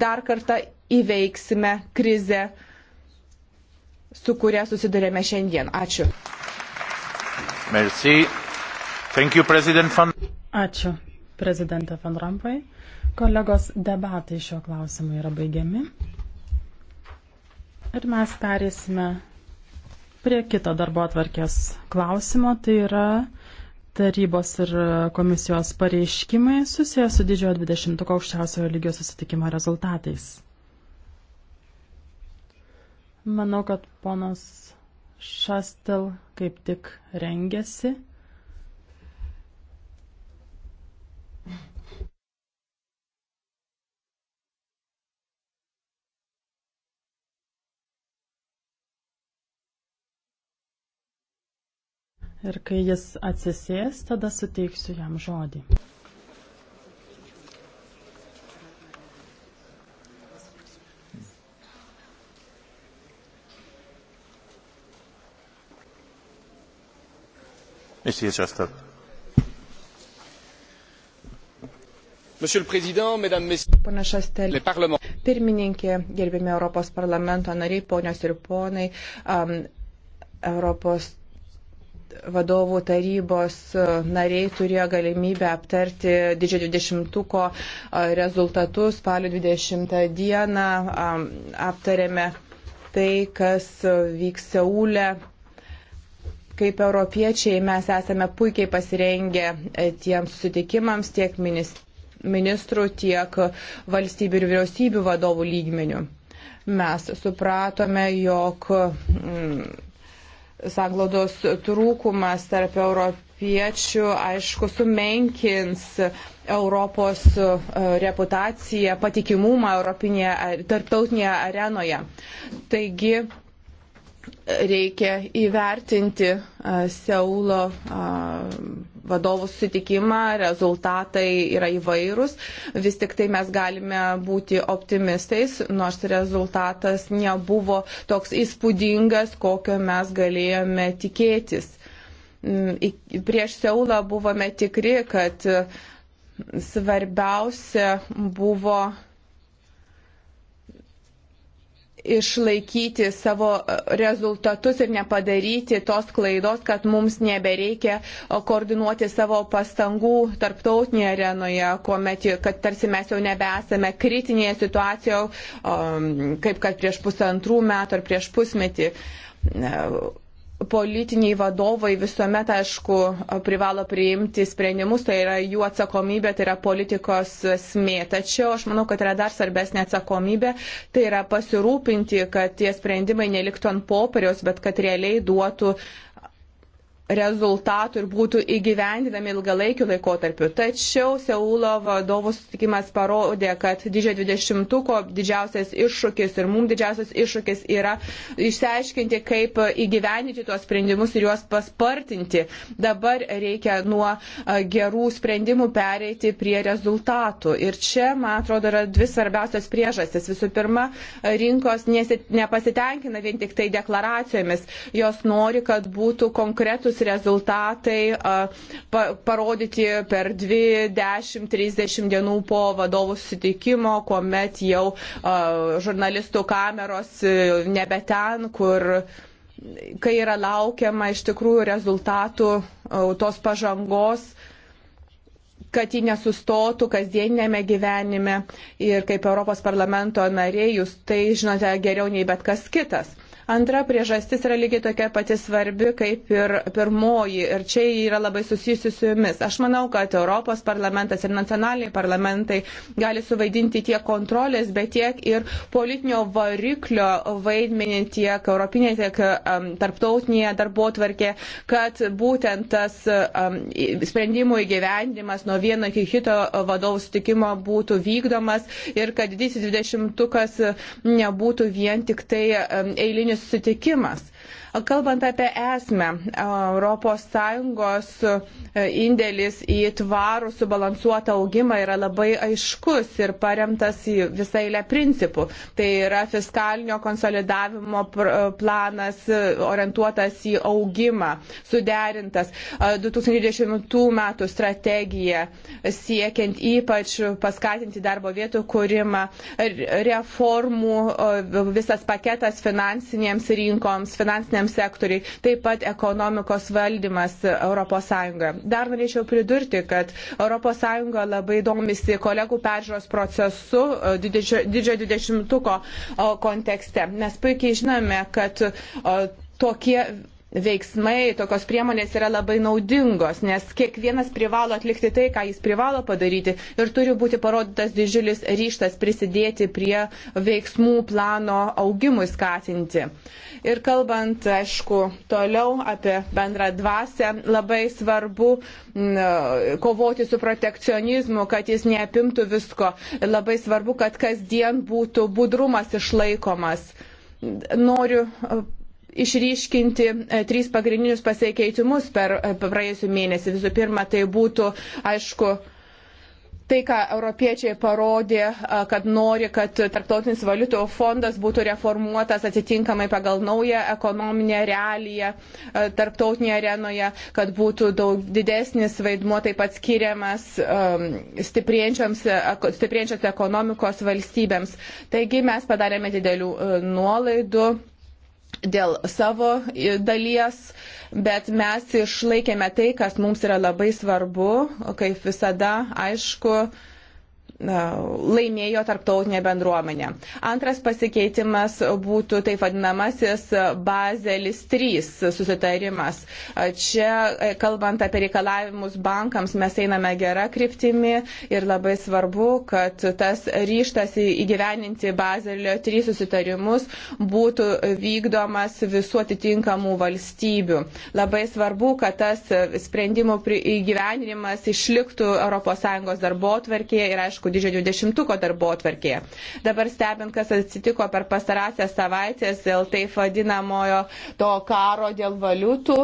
dar kartą įveiksime krizę, su kuria susidurėme šiandien. Ačiū. Merci. Thank you, President Van... Ačiū, prezidentė Van Rampai. Kolegos debatai šio klausimu yra baigiami. Ir mes perėsime prie kito darbo atvarkės klausimo, tai yra tarybos ir komisijos pareiškimai susijęs su didžiojo 20-ko aukščiausiojo lygio susitikimo rezultatais. Manau, kad ponas Šastel kaip tik rengiasi ir kai jis atsisės, tada suteiksiu jam žodį. monsieur le président mesdames messieurs les parlementaires pirmininke gerbiami europos parlamento nariai ponios ir ponai um, europos vadovų tarybos nariai turėjo galimybę aptarti didžiojo dvidešimtuko rezultatus spalio 20 dieną. Aptarėme tai, kas vyks Seule. Kaip europiečiai mes esame puikiai pasirengę e, tiems susitikimams tiek ministrų, tiek valstybių ir vyriausybių vadovų lygmenių. Mes supratome, jog. Mm, sanglaudos trūkumas tarp europiečių, aišku, sumenkins Europos e, reputaciją, patikimumą Europinėje, tarptautinėje arenoje. Taigi, reikia įvertinti Seulo vadovų susitikimą, rezultatai yra įvairūs, vis tik tai mes galime būti optimistais, nors rezultatas nebuvo toks įspūdingas, kokio mes galėjome tikėtis. Mm, prieš Seulą buvome tikri, kad svarbiausia buvo išlaikyti savo e, rezultatus ir nepadaryti tos klaidos, kad mums nebereikia e, koordinuoti savo pastangų tarptautinėje arenoje, kuomet, kad tarsi mes jau nebesame kritinėje situacijoje, kaip kad prieš pusantrų metų ar prieš pusmetį e, politiniai vadovai visuomet, aišku, privalo priimti sprendimus, tai yra jų atsakomybė, tai yra politikos smė. Tačiau aš manau, kad yra dar svarbesnė atsakomybė, tai yra pasirūpinti, kad tie sprendimai neliktų ant popieriaus, bet kad realiai duotų uh, rezultatų ir būtų įgyvendinami ilgalaikiu laikotarpiu. Tačiau Seulo vadovų susitikimas parodė, kad didžiojo dvidešimtuko didžiausias iššūkis ir mums didžiausias iššūkis yra išsiaiškinti, kaip įgyvendinti tuos sprendimus ir juos paspartinti. Dabar reikia nuo gerų sprendimų pereiti prie rezultatų. Ir čia, man atrodo, yra dvi svarbiausios priežastys. Visų pirma, rinkos nepasitenkina vien tik tai deklaracijomis. Jos nori, kad būtų konkretus konkretus rezultatai parodyti per 20-30 dienų po vadovų sutikimo, kuomet jau žurnalistų kameros e, nebe ten, kur kai yra laukiama iš tikrųjų rezultatų tos pažangos kad ji nesustotų kasdieninėme gyvenime ir kaip Europos parlamento nariai jūs tai žinote geriau nei bet kas kitas. Antra priežastis yra lygiai tokia pati svarbi kaip ir pirmoji ir čia yra labai susijusi su jumis. Aš manau, kad Europos parlamentas ir nacionaliniai parlamentai gali suvaidinti tiek kontrolės, bet tiek ir politinio variklio vaidmenį tiek europinėje, tiek um, tarptautinėje darbo tvarkė, kad būtent tas um, sprendimų įgyvendimas nuo vieno iki kito vadovų sutikimo būtų vykdomas ir kad didysis dvidešimtukas nebūtų vien tik tai um, eilinis susitikimas. Kalbant apie esmę, ES e, indėlis į tvarų subalansuotą augimą yra labai aiškus ir paremtas į visą eilę principų. Tai yra fiskalinio konsolidavimo e, planas e, orientuotas į augimą, suderintas 2020 metų strategija siekiant ypač paskatinti darbo vietų kūrimą, reformų visas paketas finansinėms rinkoms, finansinėms finansiniam sektoriai, taip pat ekonomikos valdymas ES. Dar norėčiau pridurti, kad ES labai domisi kolegų peržiūros procesu e, didžiojo dvidešimtuko kontekste. Mes puikiai žinome, kad e, tokie veiksmai, tokios priemonės yra labai naudingos, nes kiekvienas privalo atlikti tai, ką jis privalo padaryti ir turi būti parodytas didžiulis ryštas prisidėti prie veiksmų plano augimui skatinti. Ir kalbant, aišku, toliau apie bendrą dvasę, labai svarbu m, mm, kovoti su protekcionizmu, kad jis neapimtų visko. Labai svarbu, kad kasdien būtų budrumas išlaikomas. Noriu išryškinti e, trys pagrindinius pasikeitimus per e, praėjusių mėnesį. Visų pirma, tai būtų, aišku, tai, ką europiečiai parodė, e, kad nori, kad Tarptautinis valiutų fondas būtų reformuotas atitinkamai pagal naują ekonominę realiją tarptautinėje arenoje, kad būtų daug didesnis vaidmuo taip pat skiriamas stiprėjančios ekonomikos valstybėms. Taigi mes padarėme didelių nuolaidų dėl savo dalies, bet mes išlaikėme tai, kas mums yra labai svarbu, kaip visada, aišku, laimėjo tarptautinė bendruomenė. Antras pasikeitimas būtų taip vadinamasis Bazelis 3 susitarimas. Čia, e, kalbant apie reikalavimus bankams, mes einame gerą kryptimį ir labai svarbu, kad tas ryštas įgyveninti Bazelio 3 susitarimus būtų vykdomas visų atitinkamų valstybių. Labai svarbu, kad tas sprendimų įgyvenimas išliktų ES darbo tvarkėje ir aišku, aišku, didžiojo 20-ko darbo atvarkėje. Dabar stebint, kas atsitiko per pastarąsias savaitės dėl taip vadinamojo to karo dėl valiutų,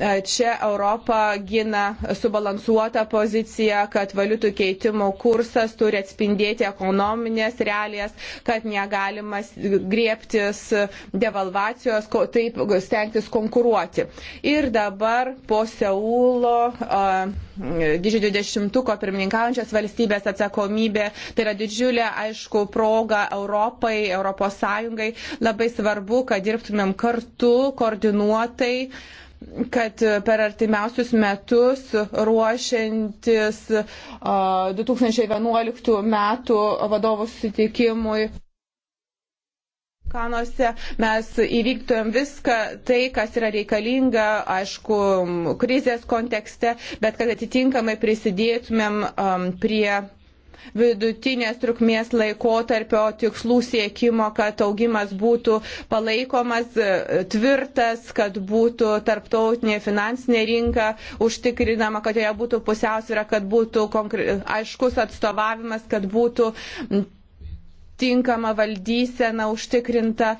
E, čia Europa gina subalansuotą poziciją, kad valiutų keitimo kursas turi atspindėti ekonominės realijas, kad negalima griebtis devalvacijos, taip stengtis konkuruoti. Ir dabar po Seulo e, didžiojo dešimtuko pirmininkaujančios valstybės atsakomybė, tai yra didžiulė, aišku, proga Europai, Europos Sąjungai. Labai svarbu, kad dirbtumėm kartu, koordinuotai kad per artimiausius metus ruošiantis 2011 metų vadovų susitikimui Balkanuose. Mes įvyktumėm viską tai, kas yra reikalinga, aišku, krizės kontekste, bet kad atitinkamai prisidėtumėm um, prie vidutinės trukmės laikotarpio tikslų siekimo, kad augimas būtų palaikomas, tvirtas, kad būtų tarptautinė finansinė rinka užtikrinama, kad joje būtų pusiausvyrą, kad būtų aiškus atstovavimas, kad būtų tinkama valdysena užtikrinta,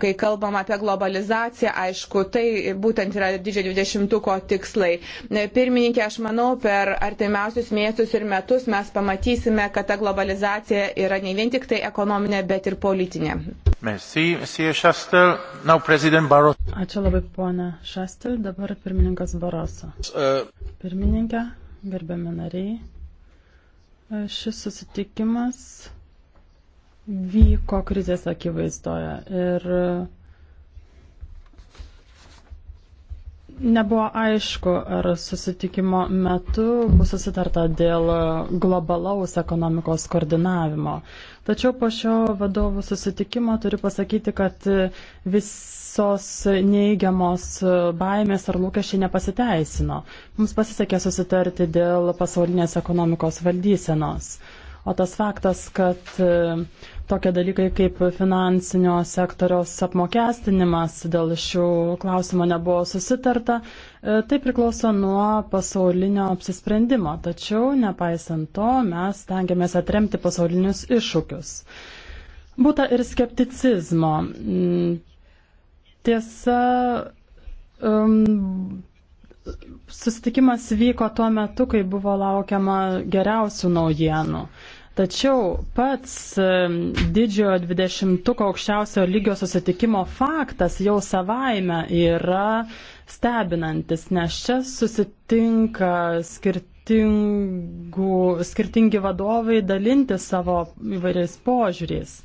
kai kalbam apie globalizaciją, aišku, tai būtent yra didžiojo dvidešimtuko tikslai. E, pirmininkė, aš manau, per artimiausius mėnesius ir metus mes pamatysime, kad ta globalizacija yra ne vien tik tai ekonominė, bet ir politinė. Merci, Now, Ačiū labai, ponė Šastel. Dabar pirmininkas Barosa. E, pirmininkė, gerbiami nariai. E, šis susitikimas vyko krizės akivaizdoje ir nebuvo aišku, ar susitikimo metu bus susitarta dėl globalaus ekonomikos koordinavimo. Tačiau po šio vadovų susitikimo turiu pasakyti, kad visos neįgiamos baimės ar lūkesčiai nepasiteisino. Mums pasisekė susitarti dėl pasaulinės ekonomikos valdysenos. O tas faktas, kad e, tokie dalykai kaip finansinio sektoriaus apmokestinimas dėl šių klausimų nebuvo susitarta, e, tai priklauso nuo pasaulinio apsisprendimo. Tačiau, nepaisant to, mes tengiamės atremti pasaulinius iššūkius. Būta ir skepticizmo. Mm, tiesa, um, Susitikimas vyko tuo metu, kai buvo laukiama geriausių naujienų. Tačiau pats didžiojo dvidešimtuko aukščiausio lygio susitikimo faktas jau savaime yra stebinantis, nes čia susitinka skirtingų, skirtingi vadovai dalinti savo įvairiais požiūriais.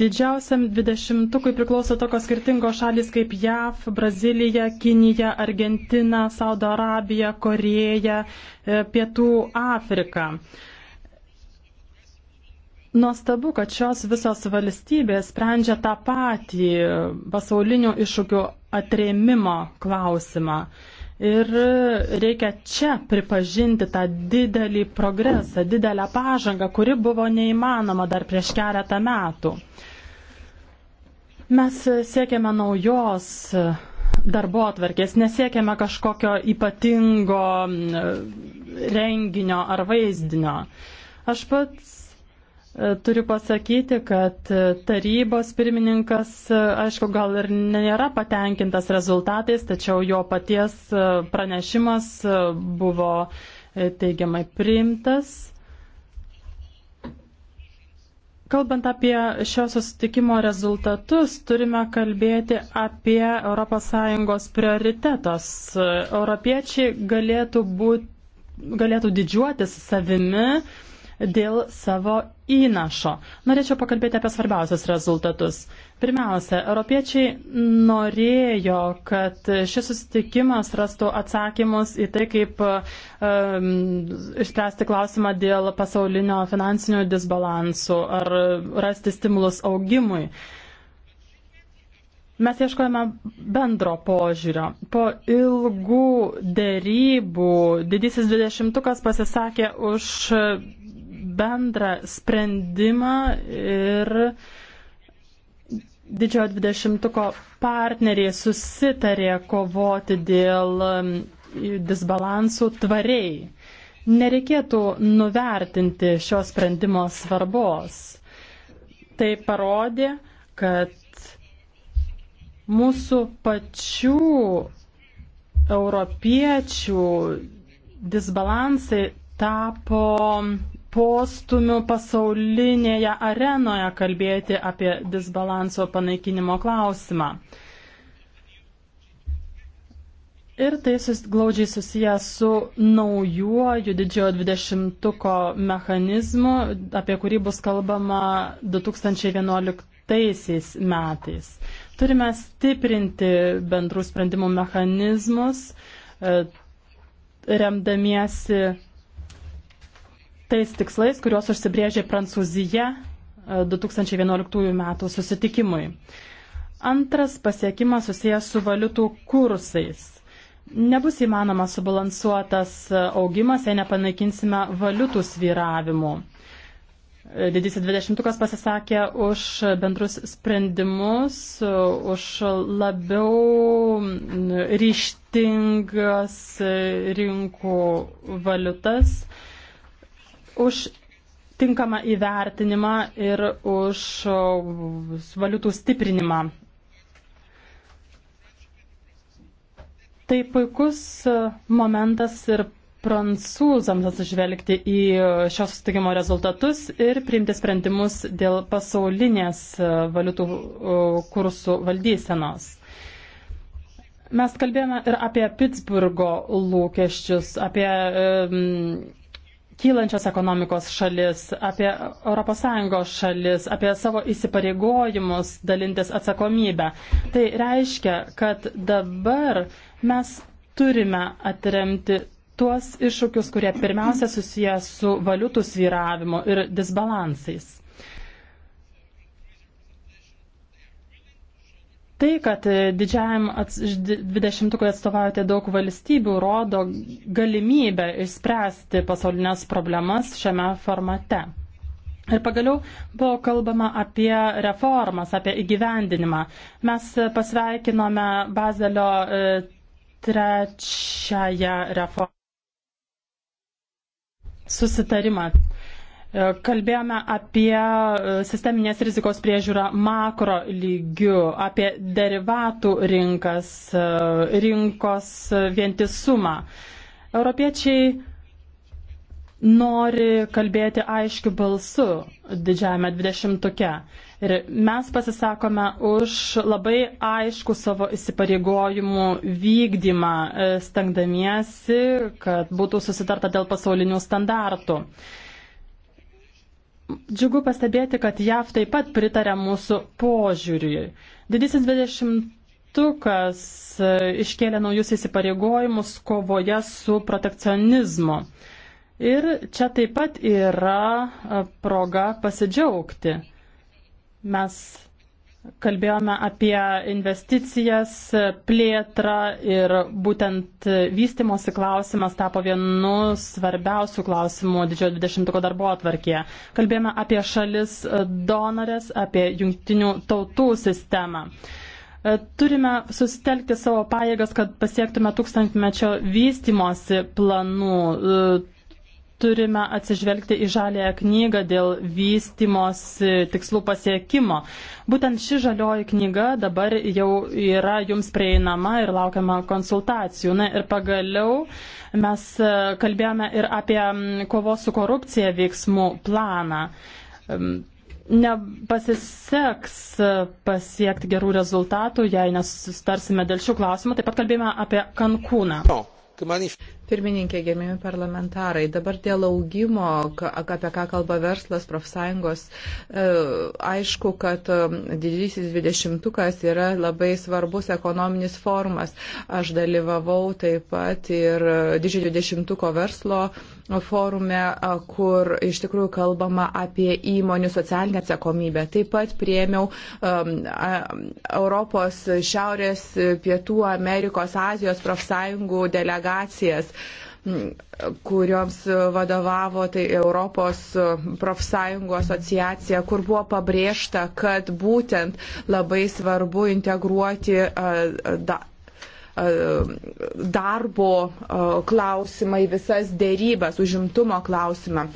Didžiausiam dvidešimtukui priklauso tokios skirtingos šalis kaip JAV, Brazilija, Kinija, Argentina, Saudo Arabija, Koreja, e, Pietų Afrika. Nuostabu, kad šios visos valstybės sprendžia tą patį pasaulinių iššūkių atrėmimo klausimą. Ir reikia čia pripažinti tą didelį progresą, didelę pažangą, kuri buvo neįmanoma dar prieš keletą metų. Mes siekiame naujos darbo atvarkės, nesiekiame kažkokio ypatingo mm, renginio ar vaizdinio. Aš pats E, turiu pasakyti, kad e, tarybos pirmininkas, e, aišku, gal ir nėra patenkintas rezultatais, tačiau jo paties pranešimas buvo teigiamai priimtas. Kalbant apie šio susitikimo rezultatus, turime kalbėti apie ES prioritetos. Europiečiai galėtų, būt, galėtų didžiuotis savimi, dėl savo įnašo. Norėčiau pakalbėti apie svarbiausius rezultatus. Pirmiausia, europiečiai norėjo, kad šis susitikimas rastų atsakymus į tai, kaip um, išspręsti klausimą dėl pasaulinio finansinių disbalansų ar rasti stimulus augimui. Mes ieškojame bendro požiūrio. Po ilgų dėrybų didysis dvidešimtukas pasisakė už bendrą sprendimą ir didžiojo dvidešimtuko partneriai susitarė kovoti dėl um, disbalansų tvariai. Nereikėtų nuvertinti šio sprendimo svarbos. Tai parodė, kad mūsų pačių europiečių disbalansai tapo postumiu pasaulinėje arenoje kalbėti apie disbalanso panaikinimo klausimą. Ir tai sus, glaudžiai susijęs su naujuoju didžiojo dvidešimtuko mechanizmu, apie kurį bus kalbama 2011 metais. Turime stiprinti bendrų sprendimų mechanizmus, e, remdamiesi tais tikslais, kuriuos užsibrėžė Prancūzija 2011 e, metų susitikimui. Antras pasiekimas susijęs su valiutų kursais. Nebus įmanoma subalansuotas e, augimas, jei nepanaikinsime valiutų sviravimų. E, Didysis dvidešimtukas pasisakė už bendrus sprendimus, už labiau ryštingas rinkų valiutas už tinkamą įvertinimą ir už valiutų stiprinimą. Tai puikus momentas ir prancūzams atsižvelgti į šio sustikimo rezultatus ir priimti sprendimus dėl pasaulinės valiutų kursų valdysenos. Mes kalbėjome ir apie Pittsburgo lūkesčius, apie um, kylančios ekonomikos šalis, apie ES šalis, apie savo įsipareigojimus dalintis atsakomybę. Tai reiškia, kad dabar mes turime atremti tuos iššūkius, kurie pirmiausia susiję su valiutų sviravimu ir disbalansais. Tai, kad didžiajam 20-ukui atstovaujate daug valstybių, rodo galimybę išspręsti pasaulinės problemas šiame formate. Ir pagaliau buvo kalbama apie reformas, apie įgyvendinimą. Mes pasveikinome Bazelio e, trečiąją reformą. Susitarimą Kalbėjome apie e, sisteminės rizikos priežiūrą makro lygių, apie derivatų rinkas, e, rinkos vientisumą. Europiečiai nori kalbėti aiškiu balsu didžiajame dvidešimtuke. Ir mes pasisakome už labai aišku savo įsipareigojimų vykdymą, e, stengdamiesi, kad būtų susitarta dėl pasaulinių standartų. Džiugu pastebėti, kad JAV taip pat pritarė mūsų požiūriui. Didysis 20-tukas e, iškėlė naujus įsipareigojimus kovoje su protekcionizmu. Ir čia taip pat yra e, proga pasidžiaugti. Mes Kalbėjome apie investicijas, plėtrą ir būtent vystimosi klausimas tapo vienu svarbiausių klausimų didžiojo 20-ko darbo atvarkėje. Kalbėjome apie šalis donorės, apie jungtinių tautų sistemą. Turime susitelkti savo pajėgas, kad pasiektume tūkstantmečio vystimosi planų turime atsižvelgti į žalėją knygą dėl vystimos e, tikslų pasiekimo. Būtent ši žalioji knyga dabar jau yra jums prieinama ir laukiama konsultacijų. Na ir pagaliau mes e, kalbėjome ir apie kovos su korupcija veiksmų planą. Nepasiseks e, pasiekti gerų rezultatų, jei nesustarsime dėl šių klausimų. Taip pat kalbėjome apie Kankūną. No, Pirmininkė, gėmimi parlamentarai, dabar dėl augimo, apie ką kalba verslas, profsąjungos, e, aišku, kad um, didysis dvidešimtukas yra labai svarbus ekonominis formas. Aš dalyvavau taip pat ir didžiojo dvidešimtuko verslo forume, kur iš tikrųjų kalbama apie įmonių socialinę atsakomybę. Taip pat priemiau um, Europos, Šiaurės, Pietų Amerikos, Azijos profsąjungų delegacijas kurioms vadovavo tai Europos profsąjungų asociacija, kur buvo pabrėžta, kad būtent labai svarbu integruoti da, darbo klausimą į visas dėrybas, užimtumo klausimą.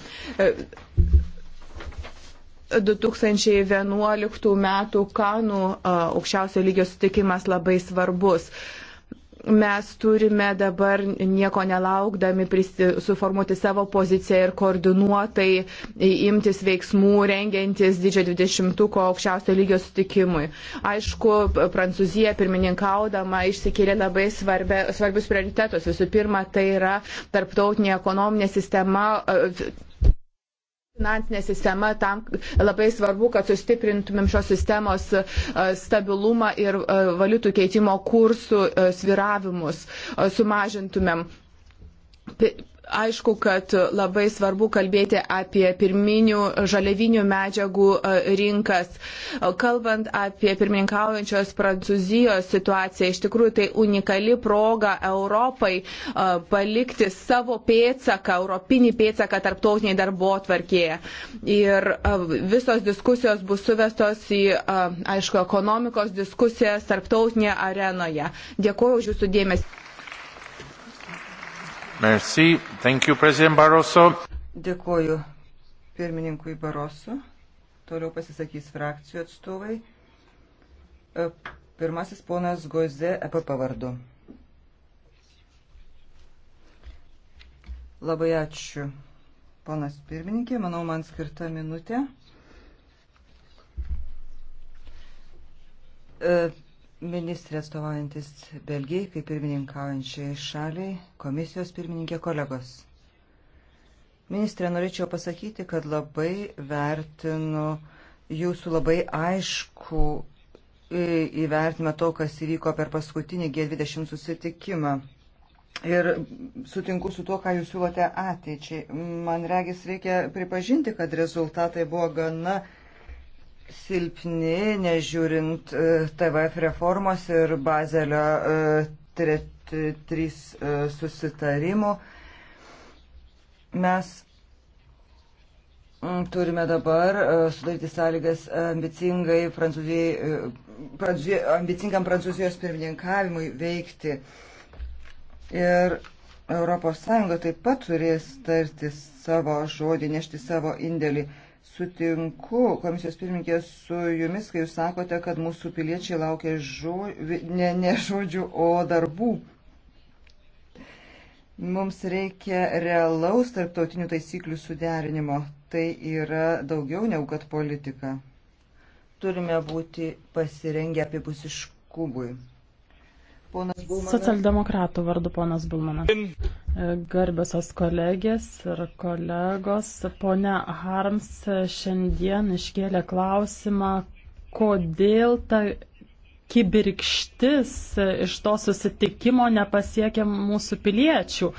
2011 e, m. Kanų aukščiausio lygio sutikimas labai svarbus mes turime dabar nieko nelaukdami prisi, suformuoti savo poziciją ir koordinuotai imtis veiksmų, rengiantis didžio 20-ko aukščiausio lygio sutikimui. Aišku, Prancūzija pirmininkaudama išsikėlė labai svarbia, svarbius prioritetus. Visų pirma, tai yra tarptautinė ekonominė sistema finansinė sistema, tam labai svarbu, kad sustiprintumėm šios sistemos e, stabilumą ir e, valiutų keitimo kursų e, sviravimus, sumažintumėm Aišku, kad labai svarbu kalbėti apie pirminių žaliavinių medžiagų e, rinkas. Kalbant apie pirmininkaujančios Prancūzijos situaciją, iš tikrųjų tai unikali proga Europai e, palikti savo pėtsaką, europinį pėtsaką tarptautiniai darbo atvarkėje. Ir e, visos diskusijos bus suvestos į, aišku, ekonomikos diskusijas tarptautinėje arenoje. Dėkuoju už Jūsų dėmesį. Merci. Thank you, President Barroso. Dėkuoju pirmininkui Barosu. Toliau pasisakys frakcijų atstovai. E, pirmasis ponas Goze EPP vardu. Labai ačiū, ponas pirmininkė. Manau, man skirta minutė. E, Ministrė atstovaujantis Belgijai, kaip pirmininkaujančiai šaliai, komisijos pirmininkė kolegos. Ministrė, norėčiau pasakyti, kad labai vertinu jūsų labai aišku įvertinimą to, kas įvyko per paskutinį G20 susitikimą. Ir sutinku su tuo, ką jūs siūlote ateičiai. Man regis reikia pripažinti, kad rezultatai buvo gana silpni, nežiūrint e, TVF reformos ir Bazelio 3 e, e, susitarimų. Mes turime dabar sudaryti sąlygas ambicingai Prancūzijai, prancūzijai, ambicingam Prancūzijos pirmininkavimui veikti. Ir ES taip pat turės tarti savo žodį, nešti savo indėlį sutinku, komisijos pirmininkė, su jumis, kai jūs sakote, kad mūsų piliečiai laukia žo, ne, ne žodžių, o darbų. Mums reikia realaus tarptautinių taisyklių suderinimo. Tai yra daugiau negu kad politika. Turime būti pasirengę apipusiškumui. Socialdemokratų vardu ponas Bulmanas. Garbiosios kolegės ir kolegos, ponia Harms šiandien iškėlė klausimą, kodėl ta kibirkštis iš to susitikimo nepasiekė mūsų piliečių,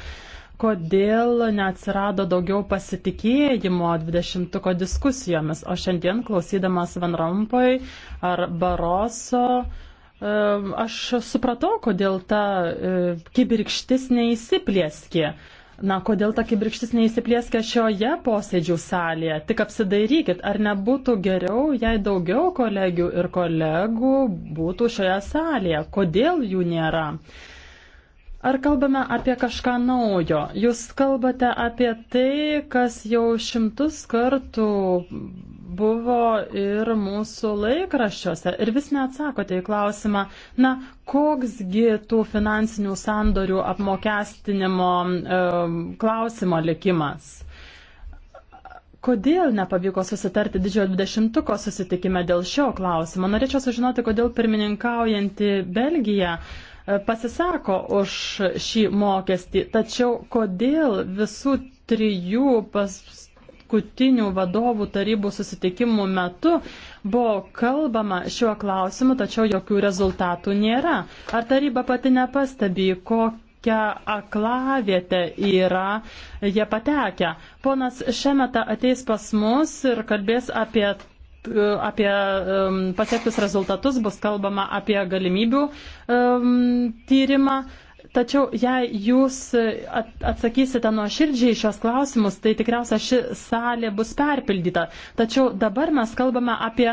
kodėl neatsirado daugiau pasitikėjimo 20-ko diskusijomis, o šiandien klausydamas Van Rompoj ar Baroso, aš supratau, kodėl ta e, kibirkštis neįsiplieskė. Na, kodėl ta kibirkštis neįsiplieskia šioje posėdžių salėje? Tik apsidairykit, ar nebūtų geriau, jei daugiau kolegių ir kolegų būtų šioje salėje? Kodėl jų nėra? Uh, Ar kalbame apie kažką naujo? Jūs kalbate apie tai, kas jau šimtus kartų buvo ir mūsų laikraščiuose. Ir vis neatsakote į klausimą, na, koksgi tų finansinių sandorių apmokestinimo e, klausimo likimas? Kodėl nepavyko susitarti didžiojo dvidešimtuko susitikime dėl šio klausimo? Norėčiau sužinoti, kodėl pirmininkaujanti Belgija uh, pasisako už šį mokestį, tačiau kodėl visų trijų paskutinių vadovų tarybų susitikimų metu buvo kalbama šiuo klausimu, tačiau jokių rezultatų nėra. Ar taryba pati nepastebi, kokį kokią aklavietę yra jie patekę. Ponas Šemeta ateis pas mus ir kalbės apie apie pasiektus rezultatus, bus kalbama apie galimybių tyrimą, Tačiau jei jūs e, atsakysite nuo širdžiai šios klausimus, tai tikriausia ši salė bus perpildyta. Tačiau dabar mes kalbame apie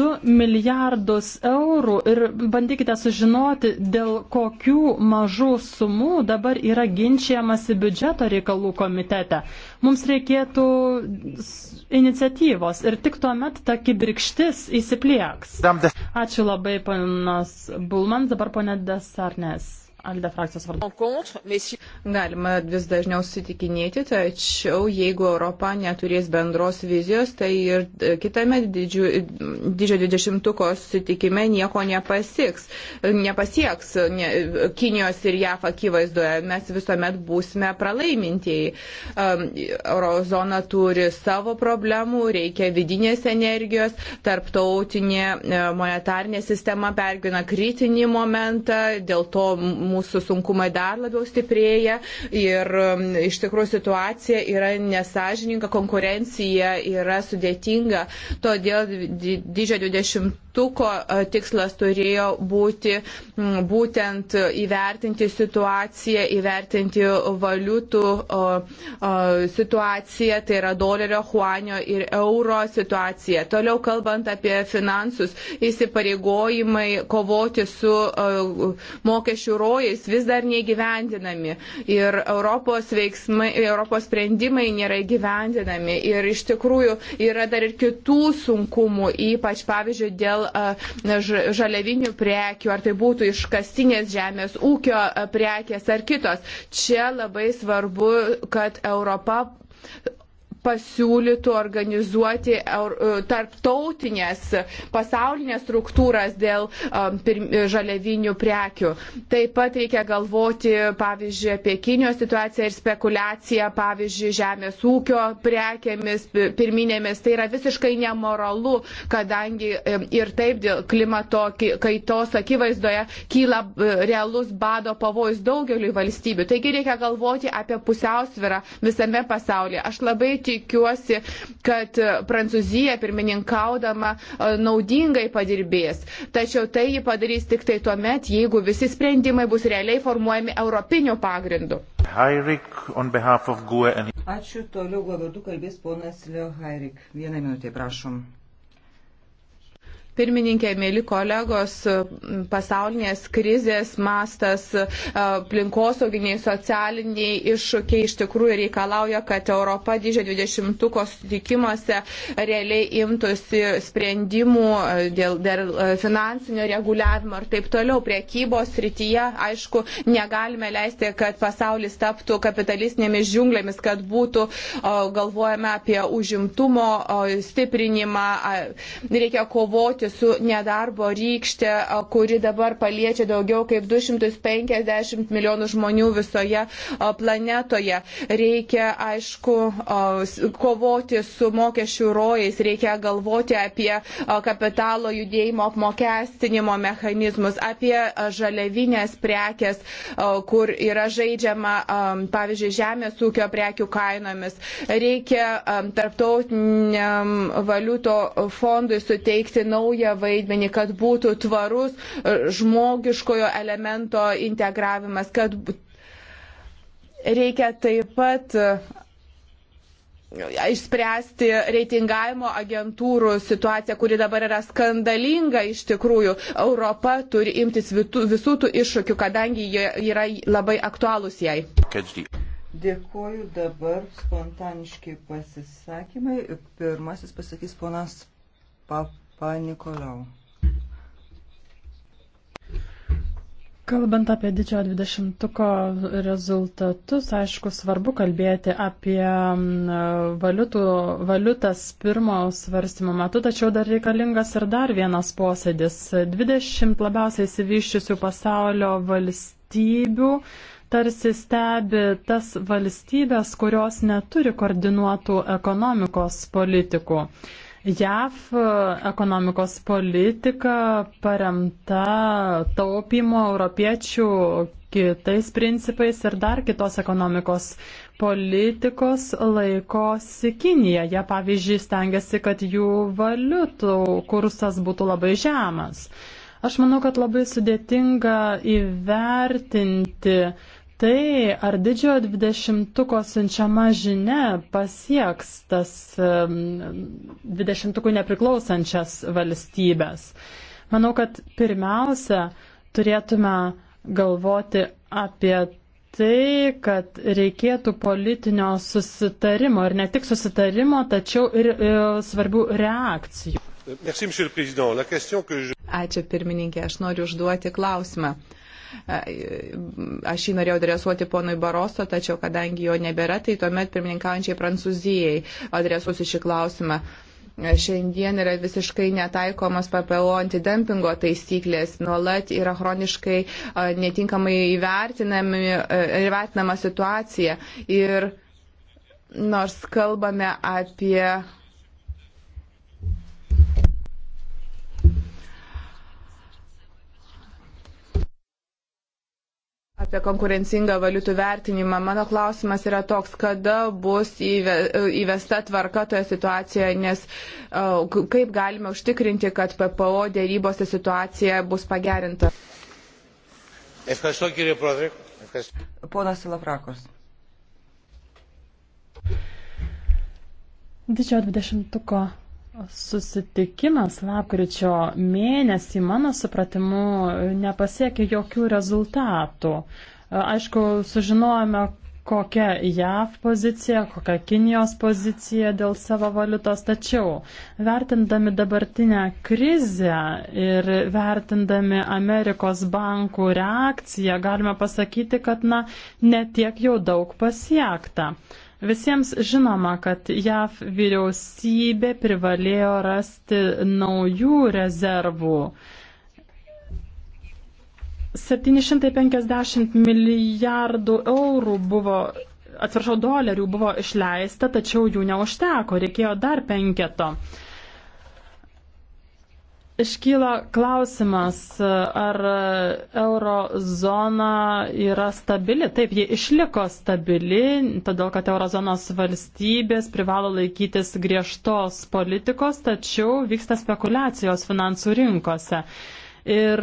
2 milijardus eurų ir bandykite sužinoti, dėl kokių mažų sumų dabar yra ginčiamasi biudžeto reikalų komitete. Mums reikėtų iniciatyvos ir tik tuomet ta kibirkštis įsiplieks. Ačiū labai, panas Bulmans, dabar ponė Desarnes. Alde frakcijos vardu. Galima vis dažniau sutikinėti, tačiau jeigu Europa neturės bendros vizijos, tai ir e, kitame didžio, didžio dvidešimtuko sutikime nieko nepasieks. nepasieks ne, Kinijos ir JAF akivaizdoje mes visuomet būsime pralaimintieji. Eurozona turi savo problemų, reikia vidinės energijos, tarptautinė e, monetarinė sistema pergina kritinį momentą, dėl to mūsų sunkumai dar labiau stiprėja ir um, iš tikrųjų situacija yra nesažininga, konkurencija yra sudėtinga. Todėl didžio 20-tuko uh, tikslas turėjo būti mm, būtent įvertinti situaciją, įvertinti valiutų situaciją, tai yra dolerio, juanio ir euro situaciją. Toliau kalbant apie finansus, įsipareigojimai kovoti su uh, mokesčių rodymais pavojais vis dar neįgyvendinami ir Europos, veiksmai, Europos sprendimai nėra įgyvendinami. Ir iš tikrųjų yra dar ir kitų sunkumų, ypač pavyzdžiui dėl žaliavinių prekių, ar tai būtų iškastinės žemės ūkio prekės ar kitos. Čia labai svarbu, kad Europa pasiūlytų organizuoti e, tarptautinės pasaulinės struktūras dėl um, žaliavinių prekių. Taip pat reikia galvoti, pavyzdžiui, apie Kinijos situaciją ir spekulaciją, pavyzdžiui, žemės ūkio prekėmis, pirminėmis. Tai yra visiškai nemoralu, kadangi e, ir taip dėl klimato kaitos akivaizdoje kyla e, realus bado pavojus daugeliu valstybių. Taigi reikia galvoti apie pusiausvirą visame pasaulyje. Aš labai tikiu, tikiuosi, kad Prancūzija pirmininkaudama e, naudingai padirbės. Tačiau tai ji padarys tik tai tuo met, jeigu visi sprendimai bus realiai formuojami europiniu pagrindu. Ačiū toliau, Guavadu kalbės ponas Leo Hairik. Vieną minutę, prašom pirmininkė, mėly kolegos, pasaulinės krizės mastas, aplinkosauginiai, socialiniai iššūkiai iš tikrųjų reikalauja, kad Europa didžio 20-ko sutikimuose realiai imtųsi sprendimų e, dėl, dėl e, finansinio reguliavimo ir taip toliau. Priekybos rytyje, aišku, negalime leisti, kad pasaulis taptų kapitalistinėmis džiunglėmis, kad būtų galvojame apie užimtumo stiprinimą. Reikia kovoti su nedarbo rykšte, kuri dabar paliečia daugiau kaip 250 milijonų žmonių visoje planetoje. Reikia, aišku, kovoti su mokesčių rojais, reikia galvoti apie kapitalo judėjimo apmokestinimo mechanizmus, apie žaliavinės prekes, kur yra žaidžiama, pavyzdžiui, žemės ūkio prekių kainomis. Reikia tarptautiniam valiuto fondui suteikti naują naują vaidmenį, kad būtų tvarus e, žmogiškojo elemento integravimas, kad reikia taip pat e, išspręsti reitingavimo agentūrų situaciją, kuri dabar yra skandalinga iš tikrųjų. Europa turi imtis visų tų iššūkių, kadangi jie yra labai aktualūs jai. Dėkuoju dabar spontaniški pasisakymai. Pirmasis pasakys ponas Pap Pane Nikolau. Kalbant apie didžiojo dvidešimtuko rezultatus, aišku, svarbu kalbėti apie valiutų, valiutas pirmo svarstymo metu, tačiau dar reikalingas ir dar vienas posėdis. 20 labiausiai įsivyščiusių pasaulio valstybių tarsi stebi tas valstybės, kurios neturi koordinuotų ekonomikos politikų. JAV e, ekonomikos politika paremta taupimo europiečių kitais principais ir dar kitos ekonomikos politikos laikosi Kinija. Jie, pavyzdžiui, stengiasi, kad jų valiutų kursas būtų labai žemas. Aš manau, kad labai sudėtinga įvertinti tai, ar didžiojo dvidešimtuko siunčiama žinia pasieks tas dvidešimtukų nepriklausančias valstybės. Manau, kad pirmiausia, turėtume galvoti apie tai, kad reikėtų politinio susitarimo ir ne tik susitarimo, tačiau ir, ir e, svarbių reakcijų. Ačiū pirmininkė, aš noriu užduoti klausimą. Aš jį norėjau adresuoti ponui Baroso, tačiau kadangi jo nebėra, tai tuomet pirmininkaujančiai Prancūzijai adresuosiu šį klausimą šiandien yra visiškai netaikomas PPO antidempingo taisyklės, nuolat yra chroniškai netinkamai įvertinama situacija. Ir nors kalbame apie apie konkurencingą valiutų vertinimą. Mano klausimas yra toks, kada bus įvesta tvarka toje situacijoje, nes e, kaip galime užtikrinti, kad PPO dėrybose situacija bus pagerinta. Ponas Silafrakos. Didžiojo dvidešimtuko Susitikimas lapkričio mėnesį, mano supratimu, nepasiekė jokių rezultatų. Aišku, sužinojome, kokia JAV pozicija, kokia Kinijos pozicija dėl savo valiutos. Tačiau, vertindami dabartinę krizę ir vertindami Amerikos bankų reakciją, galime pasakyti, kad na, netiek jau daug pasiekta. Visiems žinoma, kad JAV vyriausybė privalėjo rasti naujų rezervų. 750 milijardų eurų buvo, atsiprašau, dolerių buvo išleista, tačiau jų neužteko, reikėjo dar penketo. Iškyla klausimas, ar eurozona yra stabili. Taip, ji išliko stabili, todėl kad eurozonos valstybės privalo laikytis griežtos politikos, tačiau vyksta spekulacijos finansų rinkose. Ir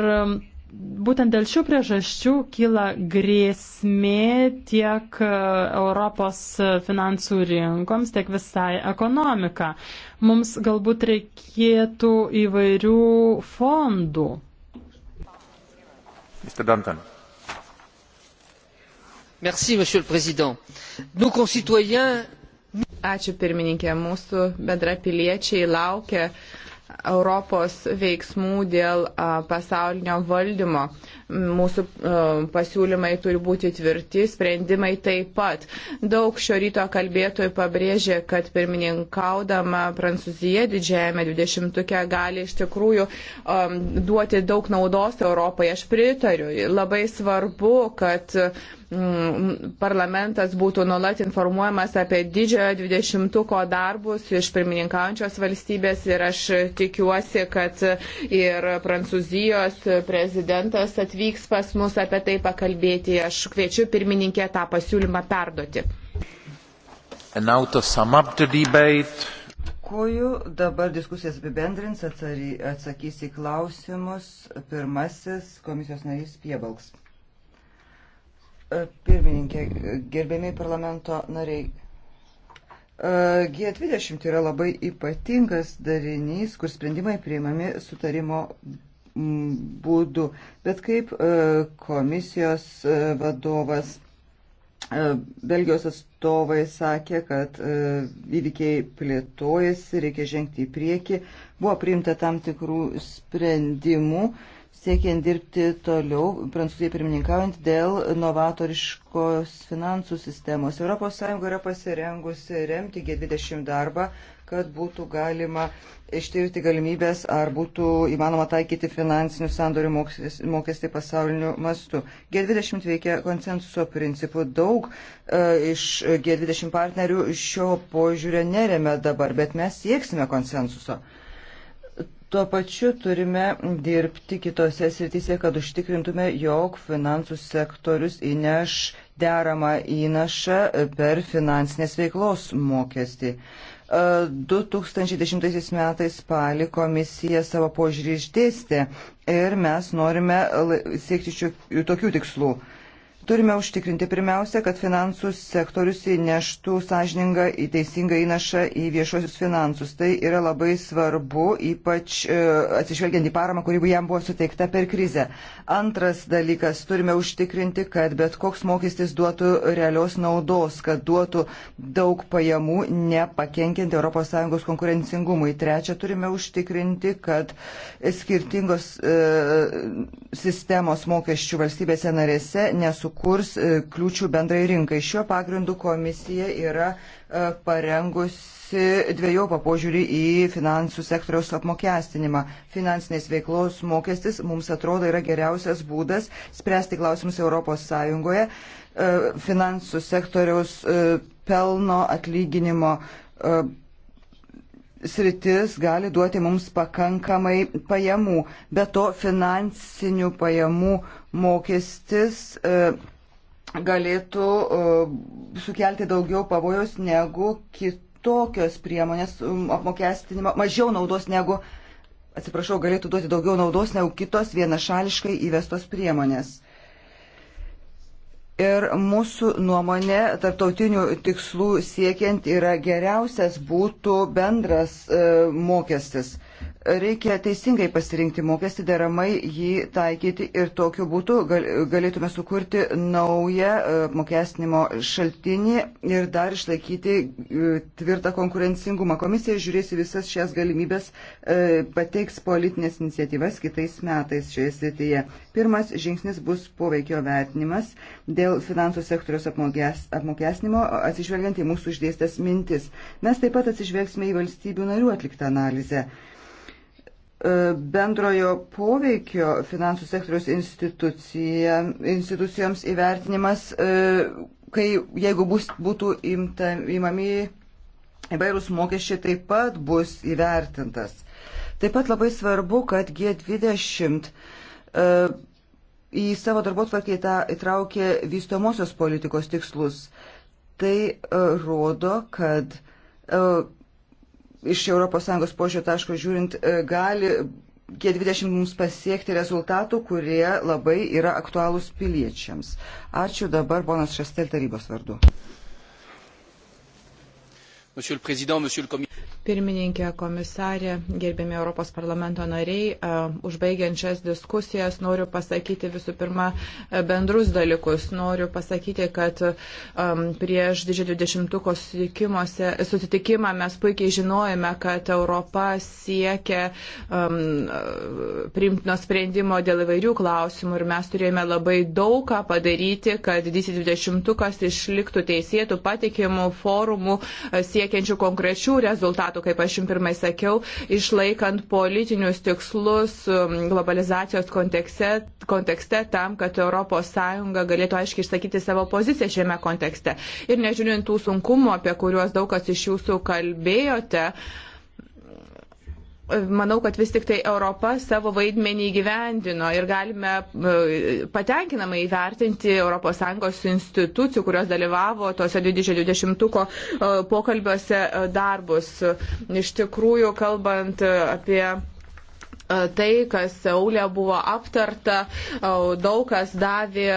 būtent dėl šių priežasčių kyla grėsmė tiek Europos finansų rinkoms, tiek visai ekonomika mums galbūt reikėtų įvairių fondų. Merci, monsieur le président. Nos concitoyens. Ačiū pirmininkė, mūsų bendrapiliečiai laukia Europos veiksmų dėl pasaulinio valdymo. Mūsų pasiūlymai turi būti tvirti, sprendimai taip pat. Daug šio ryto kalbėtojų pabrėžė, kad pirmininkaudama Prancūzija didžiajame 20-uke gali iš tikrųjų um, duoti daug naudos Europai. Aš pritariu. Labai svarbu, kad uh, Mm, parlamentas būtų nuolat informuojamas apie didžiojo dvidešimtuko darbus iš pirmininkaujančios valstybės ir aš tikiuosi, kad ir Prancūzijos prezidentas atvyks pas mus apie tai pakalbėti. Aš kviečiu pirmininkę tą pasiūlymą perduoti. Dėkuoju. Dabar diskusijas apibendrins, atsakys į klausimus pirmasis komisijos narys Piebalgs. E, pirmininkė, e, gerbėmiai parlamento nariai. E, G20 yra labai ypatingas darinys, kur sprendimai priimami sutarimo būdu. Bet kaip komisijos vadovas Belgijos atstovai sakė, kad įvykiai plėtojasi, reikia žengti į priekį, buvo priimta tam tikrų sprendimų siekiant dirbti toliau, Prancūzijai pirmininkaujant, dėl novatoriškos finansų sistemos. ES yra pasirengusi remti G20 darbą, kad būtų galima ištirti galimybės, ar būtų įmanoma taikyti finansinių sandorių mokestį pasauliniu mastu. G20 veikia konsensuso principu. Daug e, iš G20 partnerių šio požiūrio neremia dabar, bet mes sieksime konsensuso. Tuo pačiu turime dirbti kitose srityse, kad užtikrintume, jog finansų sektorius įneš deramą įnašą per finansinės veiklos mokestį. 2010 e, metais spalį komisija savo požiūrį išdėstė ir mes norime siekti tokių tikslų Turime užtikrinti pirmiausia, kad finansų sektorius įneštų sąžiningą į teisingą įnašą į viešuosius finansus. Tai yra labai svarbu, ypač e, atsižvelgiant į paramą, kuri jam buvo suteikta per krizę. Antras dalykas, turime užtikrinti, kad bet koks mokestis duotų realios naudos, kad duotų daug pajamų, nepakenkiant ES konkurencingumui. Trečia, turime užtikrinti, kad skirtingos e, sistemos mokesčių valstybėse narėse nesukūrė sukurs e, kliūčių bendrai rinkai. Šiuo pagrindu komisija yra e, parengusi dviejopą požiūrį į finansų sektoriaus apmokestinimą. Finansinės veiklos mokestis mums atrodo yra geriausias būdas spręsti klausimus ES e, finansų sektoriaus pelno atlyginimo sritis gali duoti mums pakankamai pajamų. Be to, finansinių pajamų mokestis e, galėtų e, sukelti daugiau pavojus negu kitokios priemonės apmokestinimo, mažiau naudos negu, atsiprašau, galėtų duoti daugiau naudos negu kitos vienašališkai įvestos priemonės. Ir mūsų nuomonė, tarptautinių tikslų siekiant yra geriausias būtų bendras e, mokestis. Reikia teisingai pasirinkti mokestį, deramai jį taikyti ir tokiu būtų galėtume sukurti naują e, mokestinimo šaltinį ir dar išlaikyti e, tvirtą konkurencingumą. Komisija žiūrės į visas šias galimybės, e, pateiks politinės iniciatyvas kitais metais šioje srityje. Pirmas žingsnis bus poveikio vertinimas dėl finansų sektoriaus apmokestinimo, atsižvelgiant į mūsų išdėstas mintis. Mes taip pat atsižvelgsime į valstybių narių atliktą analizę. E, bendrojo poveikio finansų sektoriaus institucijoms įvertinimas, e, kai jeigu bus, būtų imta, imami įvairūs mokesčiai, taip pat bus įvertintas. Taip pat labai svarbu, kad G20 e, į savo darbo tvarkį įtraukė vystomosios politikos tikslus. Tai rodo, kad iš ES pošio taško žiūrint e, gali G20 mums pasiekti rezultatų, kurie labai yra aktualūs piliečiams. Ačiū dabar, ponas Šastel tarybos vardu. Pirmininkė komisarė, gerbėmi Europos parlamento nariai, užbaigiant šias diskusijas noriu pasakyti visų pirma bendrus dalykus. Noriu pasakyti, kad prieš didžiąjį dvidešimtuko susitikimą mes puikiai žinojame, kad Europa siekia priimtino sprendimo dėl įvairių klausimų ir mes turėjome labai daug ką padaryti, kad didžiąjį dvidešimtukas išliktų teisėtų patikimų forumų siekiant siekiančių konkrečių rezultatų, kaip aš jums pirmai sakiau, išlaikant politinius tikslus um, globalizacijos kontekste, kontekste tam, kad ES galėtų aiškiai išsakyti savo poziciją šiame kontekste. Ir nežiūrint tų sunkumų, apie kuriuos daug kas iš jūsų kalbėjote, uh, manau, kad vis tik tai Europa savo vaidmenį įgyvendino ir galime e, patenkinamai įvertinti ES institucijų, kurios dalyvavo tose 2020-ko e, pokalbiuose e, darbus. Iš tikrųjų, kalbant apie E, tai, kas Seulė buvo aptarta, e, daug kas davė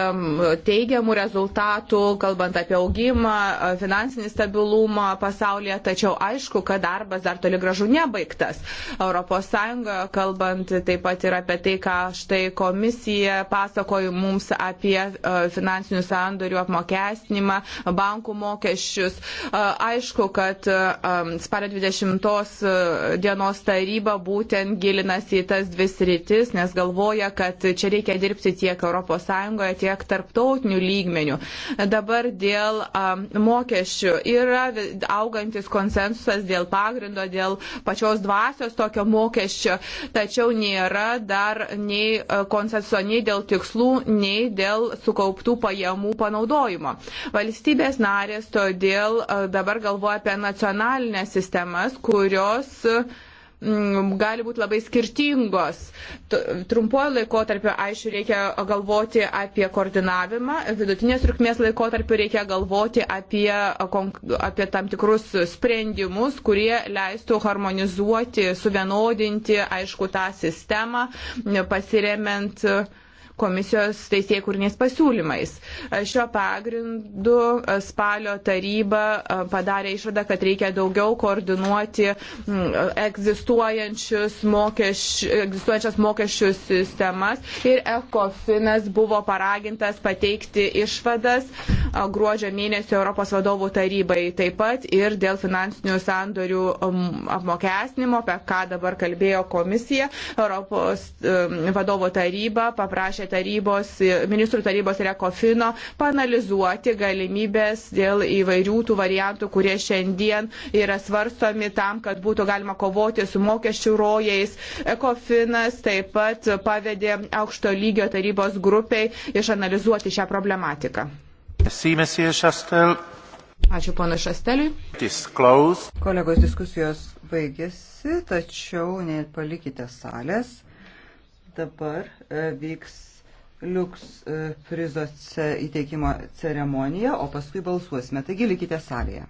teigiamų rezultatų, kalbant apie augimą, e, finansinį stabilumą pasaulyje, tačiau aišku, kad darbas dar toli gražu nebaigtas. ES, kalbant taip pat ir apie tai, ką štai komisija pasakojo mums apie finansinių sandorių apmokestinimą, bankų mokesčius. Aišku, kad spalio 20 dienos taryba būtent gilinasi į tas dvi sritis, nes galvoja, kad čia reikia dirbti tiek ES, tiek tarptautinių lygmenių. Dabar dėl um, mokesčių yra augantis konsensusas dėl pagrindo, dėl pačios dvasios tokio mokesčio, tačiau nėra dar nei konsensuso nei dėl tikslų, nei dėl sukauptų pajamų panaudojimo. Valstybės narės todėl dabar galvoja apie nacionalinės sistemas, kurios uh, gali būti labai skirtingos. Trumpuoju laikotarpiu, aišku, reikia galvoti apie koordinavimą, vidutinės trukmės laikotarpiu reikia galvoti apie, apie tam tikrus sprendimus, kurie leistų harmonizuoti, suvienodinti, aišku, tą sistemą, pasiremiant komisijos teisėjų kūriniais pasiūlymais. Šio pagrindu e, spalio taryba e, padarė išvadą, kad reikia daugiau koordinuoti egzistuojančius mokeš, egzistuojančias mokesčių sistemas ir ECOFINAS buvo paragintas pateikti išvadas e, gruodžio mėnesio Europos vadovų tarybai taip pat ir dėl finansinių sandorių apmokesnimo, apie ką dabar kalbėjo komisija. Europos vadovo taryba paprašė tarybos, ministrų tarybos ir ekofino panalizuoti galimybės dėl įvairių tų variantų, kurie šiandien yra svarstomi tam, kad būtų galima kovoti su mokesčių rojais. Ekofinas taip pat pavedė aukšto lygio tarybos grupiai išanalizuoti šią problematiką. Merci, monsieur Chastel. Ačiū ponui Šasteliui. Disclose. Kolegos diskusijos baigėsi, tačiau nepalikite salės. Dabar e, vyks liuks e, prizo įteikimo ceremoniją, o paskui balsuosime. Taigi likite salėje.